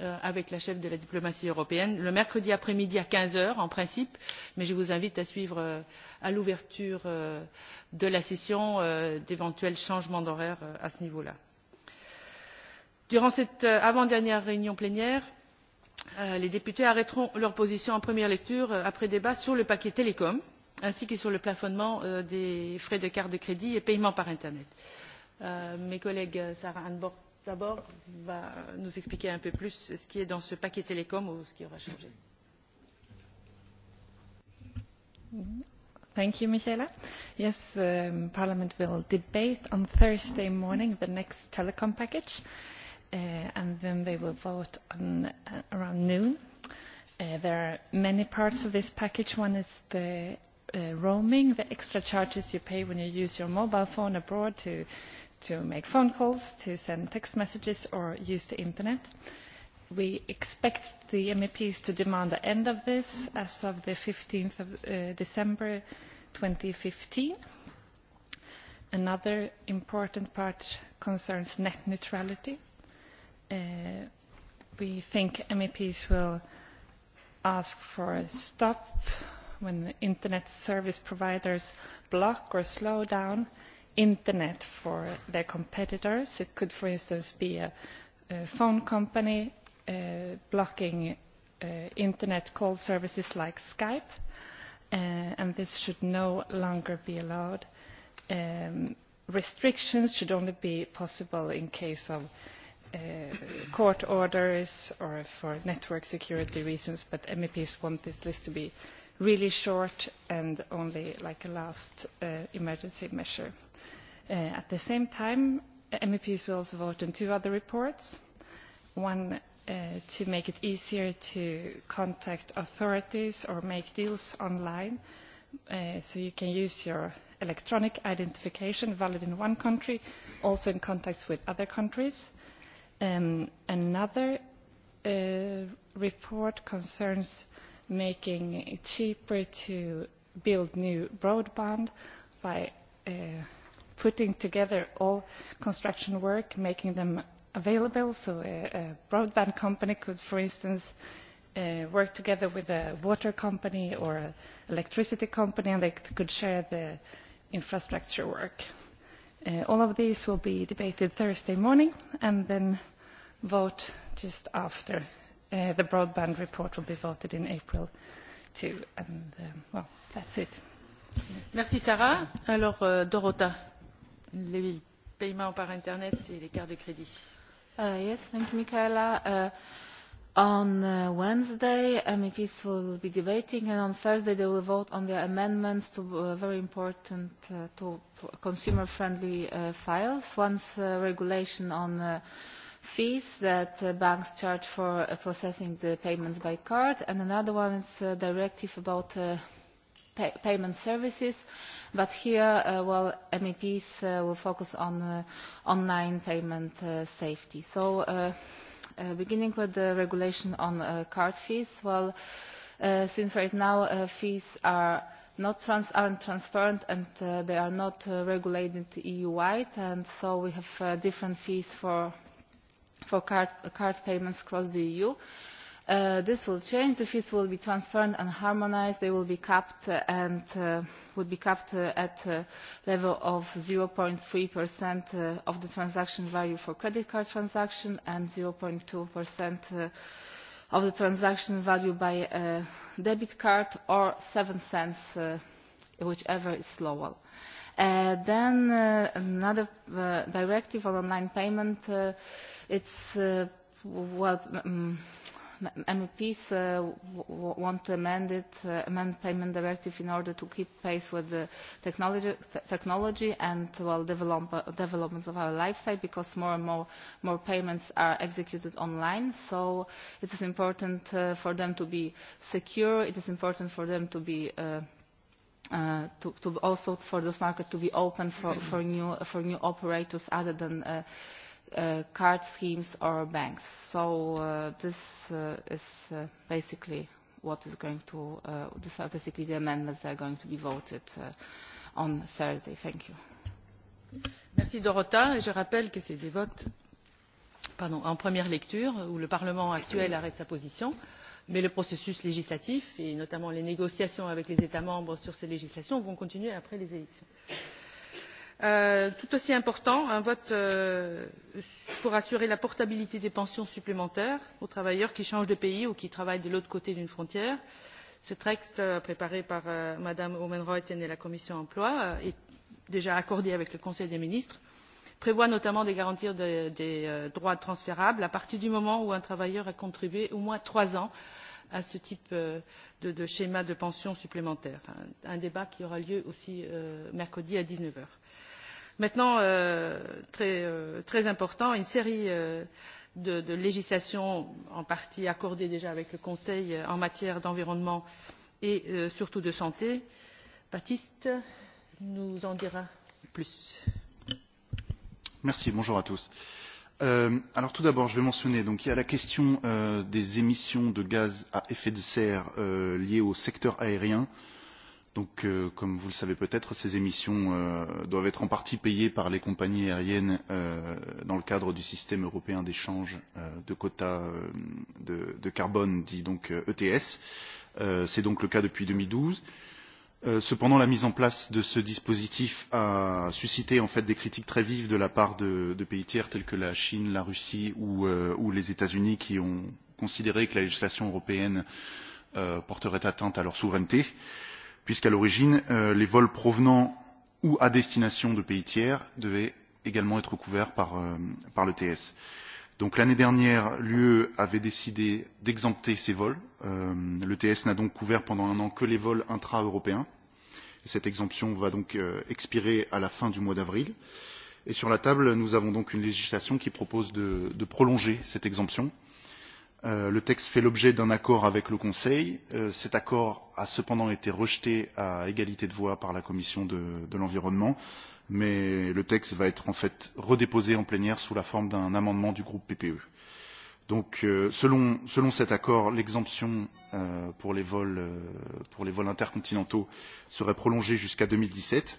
euh, avec la chef de la diplomatie européenne, le mercredi après-midi à 15 heures en principe, mais je vous invite à suivre euh, à l'ouverture euh, de la session euh, d'éventuels changements d'horaire euh, à ce niveau-là. Durant cette euh, avant-dernière réunion plénière, euh, les députés arrêteront leur position en première lecture euh, après débat sur le paquet télécom ainsi que sur le plafonnement euh, des frais de carte de crédit et paiement par Internet. Euh, mes collègues euh, Sarah Bork d'abord va nous expliquer un peu plus ce qui est dans ce paquet télécom ou ce qui aura changé. Thank you, Michela. Yes, um, Parliament will debate on Thursday morning the next telecom package, uh, and then they will vote on, uh, around noon. Uh, there are many parts of this package. One is the uh, roaming, the extra charges you pay when you use your mobile phone abroad to to make phone calls, to send text messages or use the internet. We expect the MEPs to demand the end of this as of the 15th of uh, December 2015. Another important part concerns net neutrality. Uh, we think MEPs will ask for a stop when internet service providers block or slow down internet for their competitors. It could, for instance, be a, a phone company uh, blocking uh, internet call services like Skype, uh, and this should no longer be allowed. Um, restrictions should only be possible in case of uh, court orders or for network security reasons, but MEPs want this list to be uh, really short and only like a last uh, emergency measure. Uh, at the same time, MEPs will also vote on two other reports, one uh, to make it easier to contact authorities or make deals online, uh, so you can use your electronic identification valid in one country, also in contacts with other countries. Um, another uh, report concerns uh, making it cheaper to build new broadband by uh, putting together all construction work, making them available so a, uh, a broadband company could, for instance, uh, work together with a water company or an electricity company and they could share the infrastructure work. Uh, all of these will be debated Thursday morning and then vote just after Uh, the broadband report will be voted in April too. And um, well, that's it. Merci Sarah. Alors uh, Dorota, les paiements par Internet et les cartes de crédit. Uh, yes, thank you, Michaela. Uh, on uh, Wednesday, MEPs will be debating, and on Thursday they will vote on the amendments to uh, very important uh, to consumer-friendly uh, files. Once uh, regulation on uh, fees that uh, banks charge for uh, processing the payments by card, and another one is a uh, directive about uh, pay payment services, but here, uh, well, MEPs uh, will focus on uh, online payment uh, safety. So, uh, uh, beginning with the regulation on uh, card fees, well, uh, since right now uh, fees are not trans aren't transparent and uh, they are not uh, regulated EU-wide, and so we have uh, different fees for for card, card payments across the EU. Uh, this will change. The fees will be transparent and harmonized. They will be capped uh, and uh, would be capped uh, at a level of 0.3% uh, of the transaction value for credit card transaction and 0.2% uh, of the transaction value by a debit card or 7 cents, uh, whichever is lower. Uh, then uh, another uh, directive on online payment, uh, it's uh, well, um, MEPs uh, w want to amend it, uh, amend payment directive in order to keep pace with the technology, th technology and well, develop, uh, developments of our lifestyle because more and more, more payments are executed online. So it is important uh, for them to be secure. It is important for them to be uh, uh, to, to also for this market to be open for, for, new, for new operators other than uh, uh, card schemes or banks. So uh, this uh, is uh, basically what is going to, uh, these are basically the amendments that are going to be voted uh, on Thursday. Thank you. Merci Dorota et je rappelle que c'est des votes pardon, en première lecture où le Parlement actuel arrête sa position Mais le processus législatif, et notamment les négociations avec les États membres sur ces législations, vont continuer après les élections. Euh, tout aussi important, un vote euh, pour assurer la portabilité des pensions supplémentaires aux travailleurs qui changent de pays ou qui travaillent de l'autre côté d'une frontière. Ce texte euh, préparé par euh, Mme Omenreuthen et la Commission emploi euh, est déjà accordé avec le Conseil des ministres prévoit notamment de garantir des, des euh, droits transférables à partir du moment où un travailleur a contribué au moins trois ans à ce type euh, de, de schéma de pension supplémentaire. Un, un débat qui aura lieu aussi euh, mercredi à 19 heures. Maintenant, euh, très, euh, très important, une série euh, de, de législations en partie accordées déjà avec le Conseil euh, en matière d'environnement et euh, surtout de santé. Baptiste nous en dira plus. Merci, bonjour à tous. Euh, alors tout d'abord, je vais mentionner, donc il y a la question euh, des émissions de gaz à effet de serre euh, liées au secteur aérien. Donc euh, comme vous le savez peut-être, ces émissions euh, doivent être en partie payées par les compagnies aériennes euh, dans le cadre du système européen d'échange euh, de quotas euh, de, de carbone, dit donc euh, ETS. Euh, C'est donc le cas depuis 2012. Euh, Euh, cependant, la mise en place de ce dispositif a suscité en fait des critiques très vives de la part de, de pays tiers tels que la Chine, la Russie ou, euh, ou les États-Unis qui ont considéré que la législation européenne euh, porterait atteinte à leur souveraineté, puisqu'à l'origine, euh, les vols provenant ou à destination de pays tiers devaient également être couverts par, euh, par le TS. Euh, Donc l'année dernière, l'UE avait décidé d'exempter ces vols. Euh, L'ETS n'a donc couvert pendant un an que les vols intra-européens. Cette exemption va donc euh, expirer à la fin du mois d'avril. Et sur la table, nous avons donc une législation qui propose de, de prolonger cette exemption Euh, le texte fait l'objet d'un accord avec le Conseil. Euh, cet accord a cependant été rejeté à égalité de voix par la Commission de, de l'environnement, mais le texte va être en fait redéposé en plénière sous la forme d'un amendement du groupe PPE. Donc, euh, selon, selon cet accord, l'exemption euh, pour, les vols, euh, pour les vols intercontinentaux serait prolongée jusqu'à 2017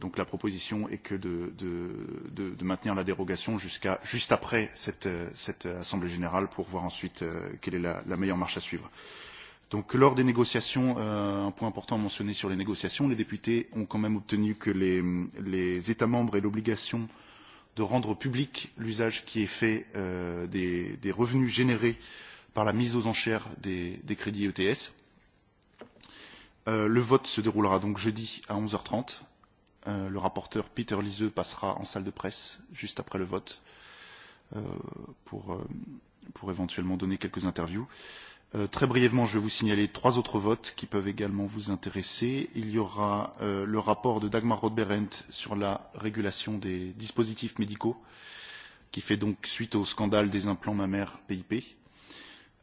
donc la proposition est que de, de, de, de maintenir la dérogation jusqu'à juste après cette, cette assemblée générale pour voir ensuite euh, quelle est la, la meilleure marche à suivre. Donc lors des négociations, euh, un point important mentionné sur les négociations, les députés ont quand même obtenu que les, les États membres aient l'obligation de rendre public l'usage qui est fait euh, des, des revenus générés par la mise aux enchères des, des crédits ETS. Euh, le vote se déroulera donc jeudi à 11h30 Euh, le rapporteur Peter Liseux passera en salle de presse juste après le vote euh, pour, euh, pour éventuellement donner quelques interviews. Euh, très brièvement, je vais vous signaler trois autres votes qui peuvent également vous intéresser. Il y aura euh, le rapport de Dagmar Rodberent sur la régulation des dispositifs médicaux, qui fait donc suite au scandale des implants mammaires PIP.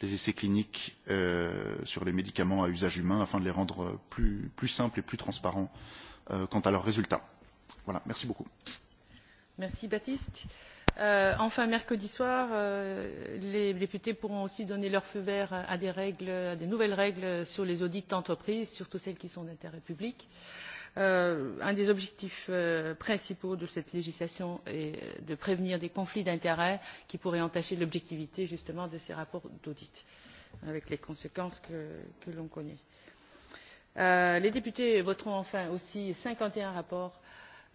les essais cliniques euh, sur les médicaments à usage humain afin de les rendre euh, plus, plus simples et plus transparents euh, quant à leurs résultats. Voilà, merci beaucoup. Merci Baptiste. Euh, enfin, mercredi soir, euh, les députés pourront aussi donner leur feu vert à des, règles, à des nouvelles règles sur les audits d'entreprise, surtout celles qui sont d'intérêt public. Euh, euh, un des objectifs euh, principaux de cette législation est de prévenir des conflits d'intérêts qui pourraient entacher l'objectivité justement de ces rapports d'audit, avec les conséquences que, que l'on connaît. Euh, les députés voteront enfin aussi 51 rapports,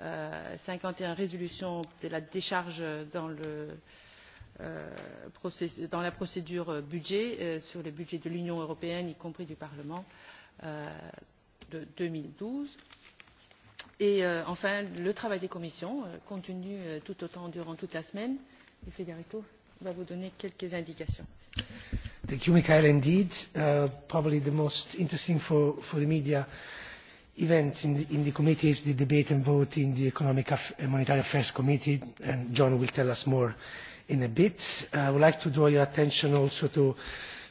euh, 51 résolutions de la décharge dans le euh, dans la procédure budget euh, sur le budget de l'Union européenne, y compris du Parlement, euh, de 2012. Et euh, enfin, le travail des commissions euh, continue euh, tout autant durant toute la semaine. Et Federico va vous donner quelques indications. Thank you, Michael. Indeed, uh, probably the most interesting for, for the media event in the, in the committee is the debate and vote in the Economic Af and Monetary Affairs Committee, and John will tell us more in a bit. Uh, I would like to draw your attention also to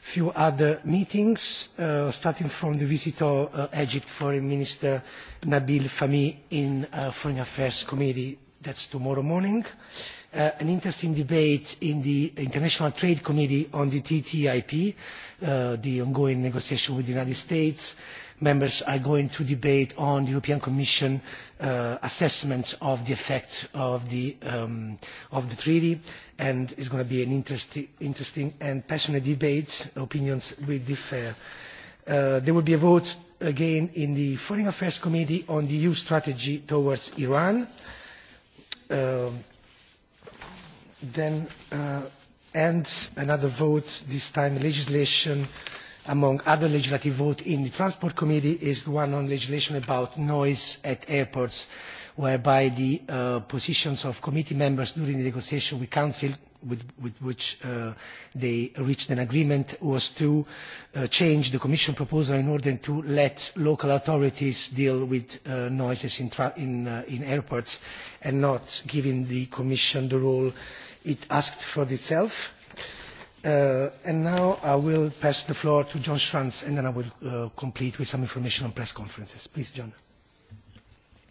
few other meetings, uh, starting from the visit of uh, Egypt Foreign Minister Nabil Fahmy in uh, Foreign Affairs Committee that's tomorrow morning, uh, an interesting debate in the International Trade Committee on the TTIP, uh, the ongoing negotiation with the United States. Members are going to debate on the European Commission uh, assessment of the effect of the, um, of the treaty, and it's going to be an interest interesting and passionate debate. Opinions will differ. Uh, there will be a vote again in the Foreign Affairs Committee on the EU strategy towards Iran. Uh, um, then uh, and another vote, this time legislation among other legislative votes in the Transport Committee is the one on legislation about noise at airports, whereby the uh, positions of committee members during the negotiation with Council with, with which uh, they reached an agreement was to uh, change the Commission proposal in order to let local authorities deal with uh, noises in, tra in, uh, in airports and not giving the Commission the role it asked for itself. Uh, and now I will pass the floor to John Schranz and then I will uh, complete with some information on press conferences. Please, John.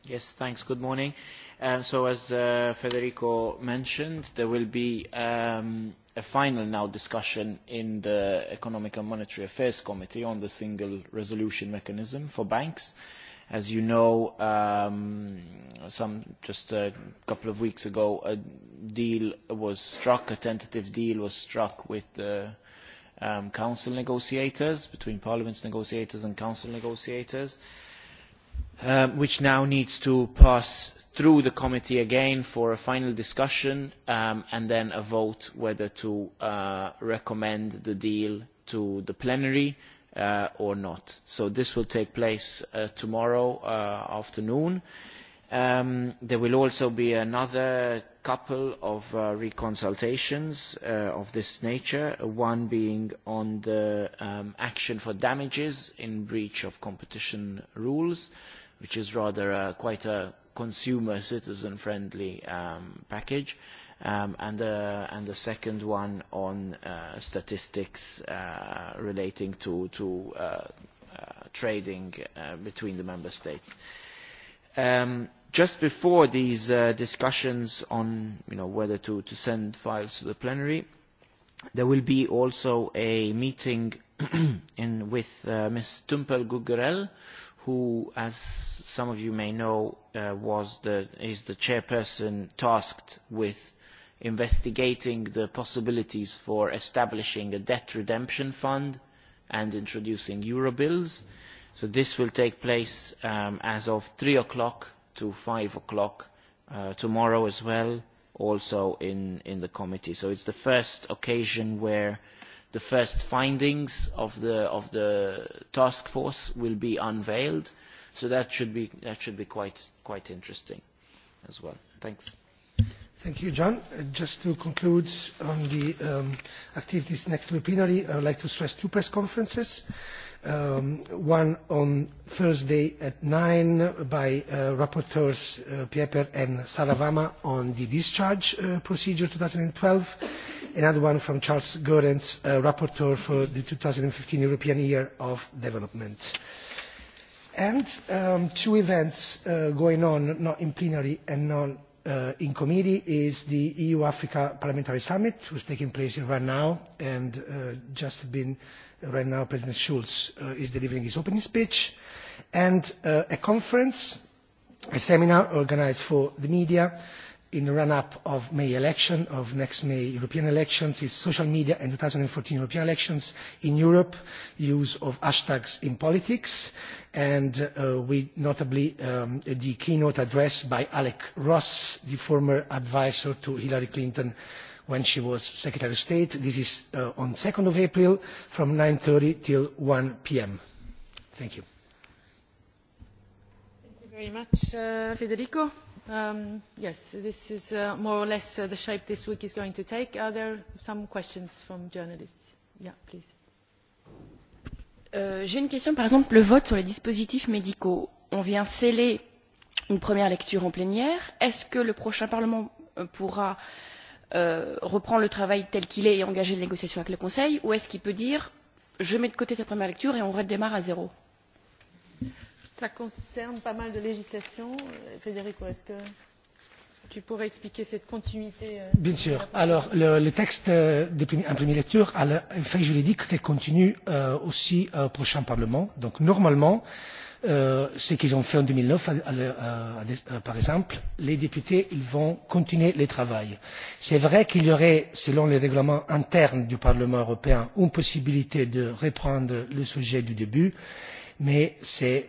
Yes, thanks. Good morning. Uh, so as uh, Federico mentioned, there will be um, a final now discussion in the Economic and Monetary Affairs Committee on the single resolution mechanism for banks. Uh, As you know, um, some just a couple of weeks ago, a deal was struck, a tentative deal was struck with the um, council negotiators, between parliament's negotiators and council negotiators, um, which now needs to pass through the committee again for a final discussion um, and then a vote whether to uh, recommend the deal to the plenary uh, or not. So this will take place uh, tomorrow uh, afternoon. Um, there will also be another couple of uh, reconsultations uh, of this nature, one being on the um, action for damages in breach of competition rules, which is rather uh, quite a consumer citizen friendly um, package. Um, and, uh, and the second one on uh, statistics uh, relating to, to uh, uh, trading uh, between the member states. Um, just before these uh, discussions on you know, whether to, to send files to the plenary, there will be also a meeting in, with uh, Ms. Tumpel Guggerel, who, as some of you may know, uh, was the, is the chairperson tasked with investigating the possibilities for establishing a debt redemption fund and introducing Eurobills. So this will take place um, as of 3 o'clock to 5 o'clock uh, tomorrow as well, also in, in the committee. So it's the first occasion where the first findings of the, of the task force will be unveiled. So that should be, that should be quite, quite interesting as well. Thanks. Thank you, John. Uh, just to conclude on the um, activities next to the plenary, I would like to stress two press conferences. Um, one on Thursday at 9 by uh, rapporteurs uh, Pieper and Saravama on the discharge uh, procedure 2012. Another one from Charles Goerens, uh, rapporteur for the 2015 European Year of Development. And um, two events uh, going on, not in plenary and not uh, in committee is the EU-Africa Parliamentary Summit, which is taking place in right now, and uh, just been uh, right now President Schulz uh, is delivering his opening speech, and uh, a conference, a seminar organized for the media, in the run-up of May election, of next May European elections, is social media and 2014 European elections in Europe, use of hashtags in politics, and uh, we notably um, the keynote address by Alec Ross, the former advisor to Hillary Clinton when she was Secretary of State. This is uh, on 2nd of April from 9.30 till 1 p.m. Thank you. Thank you very much, uh, Federico. Um, yes, this is uh, more or less uh, the shape this week is going to take. Are there some questions from journalists? Yeah, please. Euh, J'ai une question, par exemple, le vote sur les dispositifs médicaux. On vient sceller une première lecture en plénière. Est-ce que le prochain Parlement euh, pourra euh, reprendre le travail tel qu'il est et engager les négociations avec le Conseil Ou est-ce qu'il peut dire, je mets de côté sa première lecture et on redémarre à zéro Ça concerne pas mal de législation. Euh, Federico, est-ce que tu pourrais expliquer cette continuité euh, Bien sûr. Alors, le, le texte euh, de en première lecture a l'effet juridique qu'elle continue euh, aussi au prochain Parlement. Donc, normalement, euh, ce qu'ils ont fait en 2009, à, à, à, à, par exemple, les députés ils vont continuer le travail. C'est vrai qu'il y aurait, selon les règlements internes du Parlement européen, une possibilité de reprendre le sujet du début, mais c'est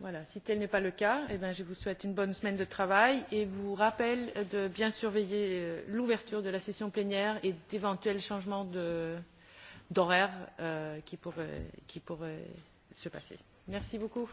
Voilà, si tel n'est pas le cas, eh bien, je vous souhaite une bonne semaine de travail et vous rappelle de bien surveiller euh, l'ouverture de la session plénière et d'éventuels changements d'horaire euh, qui, pourraient, qui pourraient se passer. Merci beaucoup.